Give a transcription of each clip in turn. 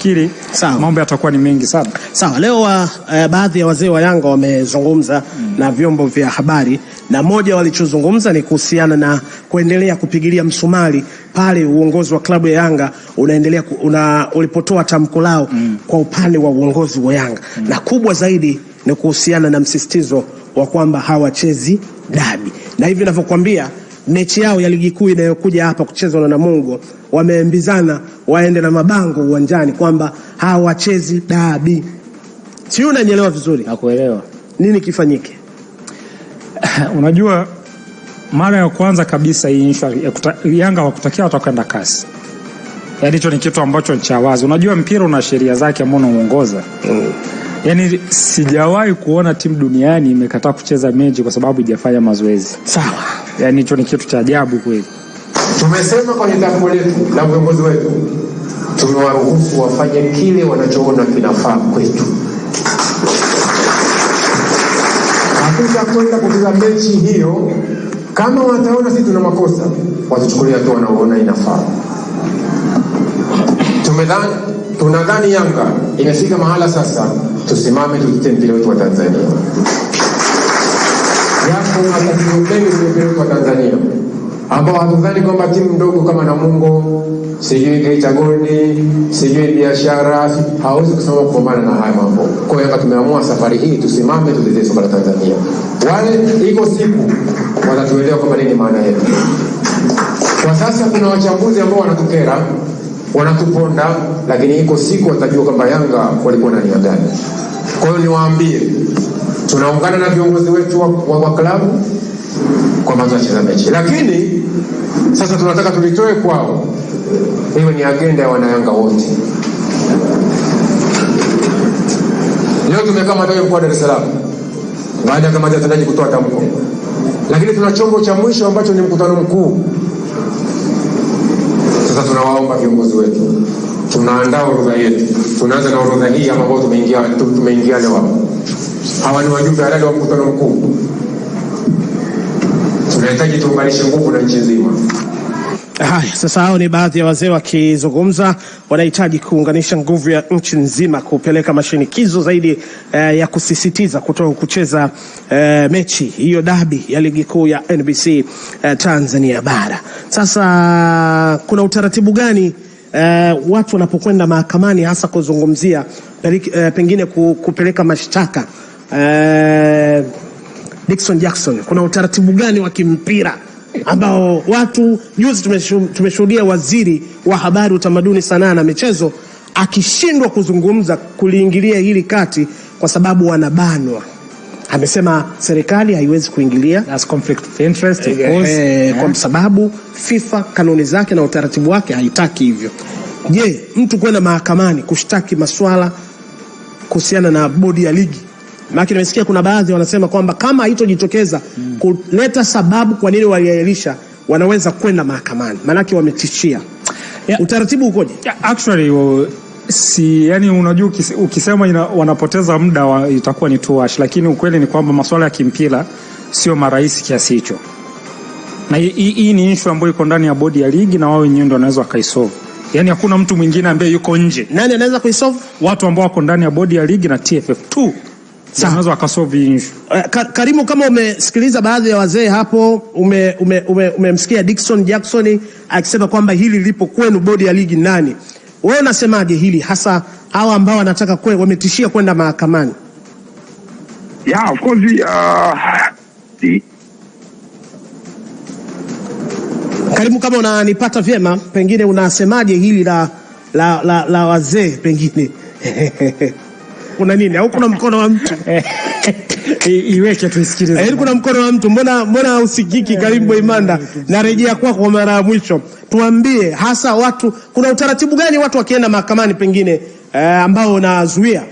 Kiri, mambo yatakuwa ni mengi sana. Sawa, leo uh, uh baadhi ya wazee wa Yanga wamezungumza mm, na vyombo vya habari na moja walichozungumza ni kuhusiana na kuendelea kupigilia msumari pale uongozi wa klabu ya Yanga unaendelea una, ulipotoa tamko lao mm, kwa upande wa uongozi wa Yanga mm, na kubwa zaidi ni kuhusiana na msisitizo wa kwamba hawachezi dabi, na hivi ninavyokuambia mechi yao ya ligi kuu inayokuja hapa kuchezwa na Namungo wameambizana waende na mabango uwanjani kwamba hawachezi dabi. Si unanielewa vizuri? Nakuelewa. Nini kifanyike? Unajua, mara ya kwanza kabisa hii Yanga wakutakia watakwenda kasi, yaani hicho ni kitu ambacho cha wazi. Unajua mpira una sheria zake ambao unaongoza mm. Yaani sijawahi kuona timu duniani imekataa kucheza mechi kwa sababu ijafanya mazoezi sawa. Yaani hicho ni kitu cha ajabu kweli. Tumesema kwenye tamko letu la viongozi wetu, tumewaruhusu wafanye kile wanachoona kinafaa kwetu. Hatutakwenda kucheza mechi hiyo. Kama wataona sisi tuna makosa, watachukulia tu wanaoona inafaa. Tumedhani, tunadhani Yanga imefika mahala sasa, tusimame tutetee mpira wetu wa Tanzania, japo matatizo mengi kwenye mpira wetu wa Tanzania ambao hatudhani kwamba timu ndogo kama Namungo, sijui Geita Gold, sijui biashara hawezi kusimama kupambana na haya mambo. Kwa hiyo hapa tumeamua safari hii tusimame, tutetee soka la Tanzania. Wale iko siku watatuelewa kwamba nini maana yetu. Kwa sasa kuna wachambuzi ambao wanatukera wanatuponda, lakini iko siku watajua kwamba Yanga walikuwa na nia gani. Kwa hiyo niwaambie, tunaungana na viongozi wetu wa, wa, wa klabu kwa maana wacheza mechi, lakini sasa tunataka tulitoe kwao. Hiyo ni agenda ya wanayanga wote. Leo tumekaa Matawi mkoa Dar es Salaam baada ya kamati ya tendaji kutoa tamko, lakini tuna chombo cha mwisho ambacho ni mkutano mkuu. Sasa tunawaomba viongozi wetu, tunaandaa orodha yetu, tunaanza na orodha hii ambayo tumeingia tumeingia leo. Hawa ni wajumbe halali wa mkutano mkuu tunahitaji tuunganishe nguvu na nchi nzima. Haya, sasa hao ni baadhi ya wazee wakizungumza, wanahitaji kuunganisha nguvu ya nchi nzima kupeleka mashinikizo zaidi eh, ya kusisitiza kutoka kucheza eh, mechi hiyo dabi ya ligi kuu ya NBC eh, Tanzania bara. Sasa kuna utaratibu gani eh, watu wanapokwenda mahakamani hasa kuzungumzia eh, pengine kupeleka mashtaka eh, Dickson Jackson, kuna utaratibu gani wa kimpira ambao watu juzi tumeshuhudia waziri wa habari, utamaduni, sanaa na michezo akishindwa kuzungumza kuliingilia hili kati kwa sababu wanabanwa. Amesema serikali haiwezi kuingilia eh, eh, kwa sababu FIFA kanuni zake na utaratibu wake haitaki hivyo. Je, mtu kwenda mahakamani kushtaki masuala kuhusiana na bodi ya ligi maana nimesikia kuna baadhi wanasema kwamba kama haitojitokeza mm. kuleta sababu kwa nini waliahirisha, wanaweza kwenda mahakamani, maanake wametishia. yeah. utaratibu ukoje? yeah, actually well, si yani, unajua ukisema ina, wanapoteza muda wa, itakuwa ni tuash, lakini ukweli ni kwamba masuala ya kimpira sio marahisi kiasi hicho, na hii ni issue ambayo iko ndani ya bodi ya ligi na wao wenyewe ndio wanaweza wakaisolve. Yani hakuna mtu mwingine ambaye yuko nje. Nani anaweza kuisolve? Watu ambao wako ndani ya bodi ya ligi na TFF tu zinaweza wakasolve. Eh, Karimu, kama umesikiliza baadhi ya wazee hapo, umemsikia ume, ume, ume Dickson Jackson akisema kwamba hili lipo kwenu bodi ya ligi nani, wewe unasemaje hili hasa hawa ambao wanataka kwe, wametishia kwenda mahakamani? Yeah, of course, uh, the... Karimu, kama unanipata vyema, pengine unasemaje hili la, la, la, la wazee pengine kuna nini au kuna mkono wa mtu eh, iweke tu Yaani kuna mkono wa mtu, mbona mbona usikiki? Eh, Karim Boimanda, narejea kwako kwa mara ya mwisho, tuambie hasa watu, kuna utaratibu gani watu wakienda mahakamani pengine eh, ambao unazuia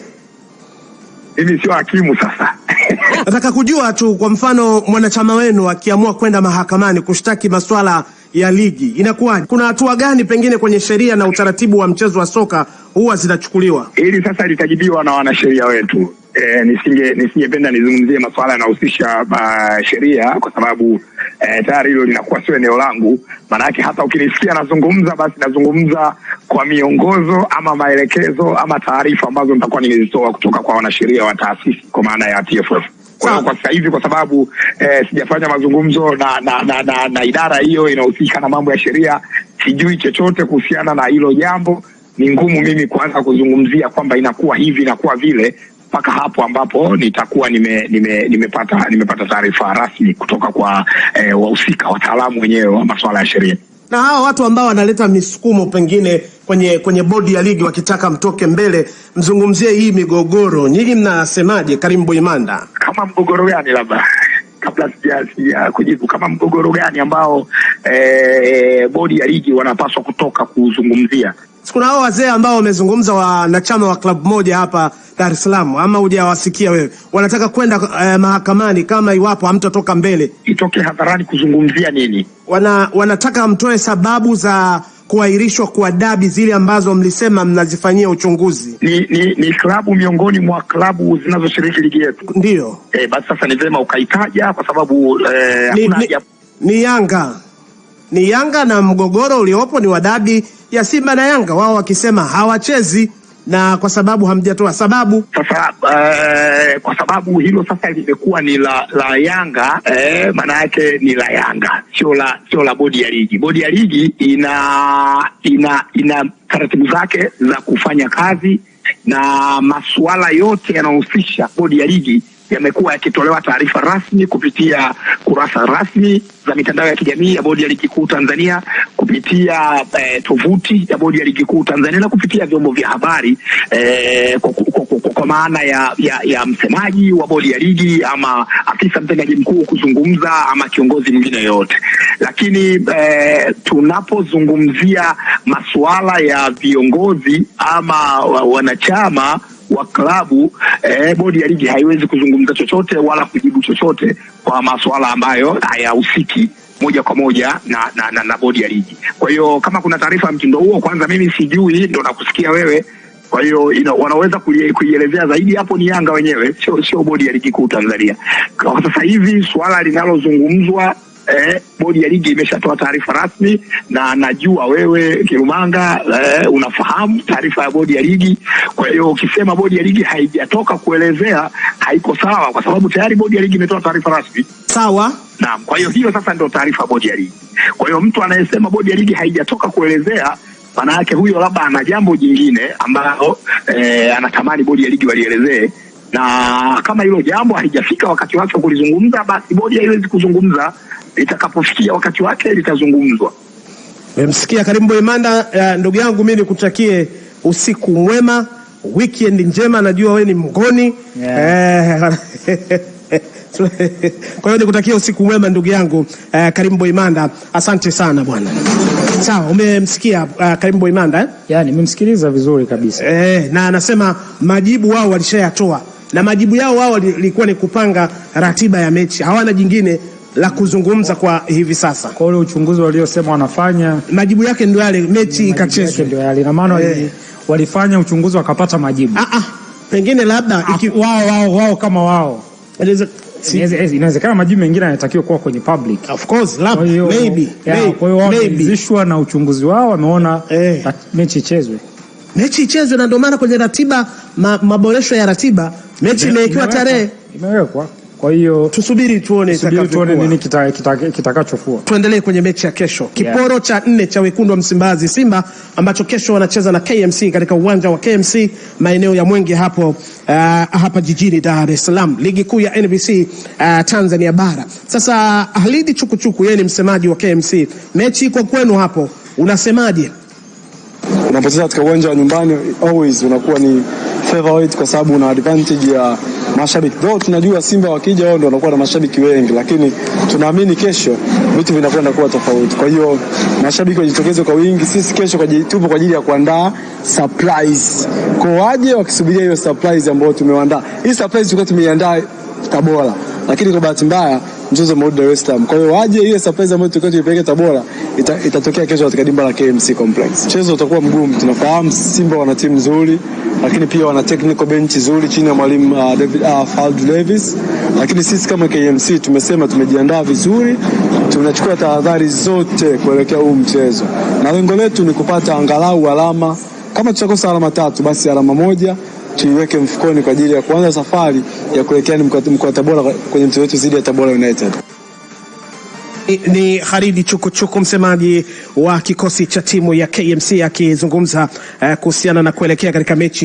hivi? Sio hakimu sasa nataka kujua tu, kwa mfano mwanachama wenu akiamua kwenda mahakamani kushtaki masuala ya ligi inakuwaje? Kuna hatua gani pengine kwenye sheria na utaratibu wa mchezo wa soka huwa zinachukuliwa? Hili sasa litajibiwa na wanasheria wetu. E, nisinge nisingependa nizungumzie masuala yanahusisha sheria kwa sababu e, tayari hilo linakuwa sio eneo langu. yake hata ukinisikia nazungumza, basi nazungumza kwa miongozo ama maelekezo ama taarifa ambazo nitakuwa nimezitoa kutoka kwa wanasheria wa taasisi kwa maana ya TFF. Kwa, kwa sasa hivi kwa sababu eh, sijafanya mazungumzo na na, na, na, na idara hiyo inahusika na mambo ya sheria, sijui chochote kuhusiana na hilo jambo. Ni ngumu mimi kuanza kuzungumzia kwamba inakuwa hivi inakuwa vile mpaka hapo ambapo nitakuwa nime, nime, nimepata nimepata taarifa rasmi kutoka kwa eh, wahusika wataalamu wenyewe wa masuala ya sheria na hawa watu ambao wanaleta misukumo pengine kwenye, kwenye bodi ya ligi wakitaka mtoke mbele, mzungumzie hii migogoro, nyinyi mnasemaje? Karim Boimanda, kama mgogoro gani? Labda kabla sija kujibu, kama mgogoro gani ambao e, bodi ya ligi wanapaswa kutoka kuzungumzia? Kuna hao wazee ambao wamezungumza, wanachama wa klabu moja hapa Dar es Salaam, ama hujawasikia wewe? Wanataka kwenda eh, mahakamani kama iwapo hamtotoka mbele. Itoke hadharani kuzungumzia nini? Wana, wanataka mtoe sababu za kuahirishwa kwa dabi zile ambazo mlisema mnazifanyia uchunguzi. Ni, ni, ni klabu miongoni mwa klabu zinazoshiriki ligi yetu, ndio eh, basi sasa ni vema ukaitaja kwa sababu eh, ni, ni, ni Yanga ni Yanga na mgogoro uliopo ni wa dabi ya Simba na Yanga, wao wakisema hawachezi na kwa sababu hamjatoa sababu sasa. Uh, kwa sababu hilo sasa limekuwa ni la la Yanga eh, maana yake ni la Yanga, sio la sio la bodi ya ligi. Bodi ya ligi ina ina ina taratibu zake za kufanya kazi na masuala yote yanayohusisha bodi ya ligi yamekuwa yakitolewa taarifa rasmi kupitia kurasa rasmi za mitandao ya kijamii ya Bodi ya Ligi Kuu Tanzania, kupitia eh, tovuti ya Bodi ya Ligi Kuu Tanzania na kupitia vyombo vya habari eh, kwa, maana ya, ya, ya msemaji wa bodi ya ligi ama afisa mtendaji mkuu kuzungumza ama kiongozi mwingine yoyote. Lakini eh, tunapozungumzia masuala ya viongozi ama wanachama wa klabu eh, bodi ya ligi haiwezi kuzungumza chochote wala kujibu chochote kwa masuala ambayo hayahusiki moja kwa moja na, na, na, na bodi ya ligi. Kwa hiyo kama kuna taarifa ya mtindo huo, kwanza mimi sijui, ndo nakusikia wewe. Kwa hiyo wanaweza kuielezea zaidi hapo ni Yanga wenyewe, sio sio bodi ya ligi kuu Tanzania. Kwa sasa hivi suala linalozungumzwa eh, bodi ya ligi imeshatoa taarifa rasmi, na najua wewe Kirumanga eh, unafahamu taarifa ya bodi ya ligi. Kwa hiyo ukisema bodi ya ligi haijatoka kuelezea, haiko sawa, kwa sababu tayari bodi ya ligi imetoa taarifa rasmi. Sawa. Naam, kwa hiyo hiyo sasa ndio taarifa bodi ya ligi. Kwa hiyo mtu anayesema bodi ya ligi haijatoka kuelezea maana yake huyo labda ana jambo jingine ambalo eh, anatamani bodi ya ligi walielezee, na kama hilo jambo halijafika wakati wake kulizungumza, basi bodi haiwezi kuzungumza litakapofikia wakati wake litazungumzwa. Memsikia Karimbo Imanda. Uh, ndugu yangu mimi nikutakie usiku mwema, weekend njema, najua wewe ni mgoni yeah. eh, kwa hiyo nikutakia usiku mwema ndugu yangu uh, eh, Karim Boimanda, asante sana bwana. Sawa, umemsikia uh, Karim Boimanda eh? Yani eh? nimemsikiliza vizuri kabisa eh, na anasema majibu wao walishayatoa na majibu yao wao li, likuwa ni kupanga ratiba ya mechi, hawana jingine la kuzungumza kwa hivi sasa. Kwa ule uchunguzi waliosema wanafanya, majibu yake ndio yale, mechi ikachezwa ndio yale, na maana eh, walifanya uchunguzi wakapata majibu. Ah, ah, pengine labda ah, iki... wao wao wao kama wao eh, inawezekana majibu mengine yanatakiwa kuwa kwenye public. Of course, lab, maybe, maybe. Kwa hiyo wameridhishwa na uchunguzi wao, wameona eh, mechi ichezwe, mechi ichezwe, na ndio maana kwenye ratiba ma, maboresho ya ratiba mechi imewekwa tarehe imewekwa. Kwa hiyo tusubiri tuone, tuone nini kitakachofua kita, kita. Tuendelee kwenye mechi ya kesho kiporo cha nne cha wekundu wa Msimbazi Simba ambacho kesho wanacheza na KMC katika uwanja wa KMC maeneo ya Mwenge hapo, uh, hapa jijini Dar es Salaam, ligi kuu ya NBC uh, Tanzania bara. Sasa Halidi Chukuchuku, yeye ni msemaji wa KMC, mechi iko kwenu hapo, unasemaje? Unapocheza katika uwanja wa nyumbani always unakuwa ni favorite kwa sababu una advantage ya mashabiki. Though tunajua Simba wakija wao ndio wanakuwa na mashabiki wengi, lakini tunaamini kesho vitu vinakwenda kuwa tofauti. Kwa hiyo mashabiki wajitokeze kwa wingi. Sisi kesho tupo kwa ajili ya kuandaa surprise kwa waje, wakisubiria hiyo surprise ambayo tumewaandaa. Hii surprise tulikuwa tumeiandaa Tabora, lakini kwa bahati mbaya mchezo umerudi Dar es Salaam. Kwa hiyo waje, ile surprise ambayo tulikuwa tuipeleke Tabora ita, itatokea kesho katika dimba la KMC Complex. Mchezo utakuwa mgumu, tunafahamu Simba wana timu nzuri, lakini pia wana technical bench nzuri chini ya mwalimu uh, David uh, Fald Davis, lakini sisi kama KMC tumesema tumejiandaa vizuri, tunachukua tahadhari zote kuelekea huu mchezo, na lengo letu ni kupata angalau alama, kama tutakosa alama tatu, basi alama moja tuiweke mfukoni kwa ajili ya kuanza safari ya kuelekea mkoa Tabora kwenye mchezo wetu dhidi ya Tabora United. Ni, Haridi Chukuchuku msemaji wa kikosi cha timu ya KMC akizungumza eh, kuhusiana na kuelekea katika mechi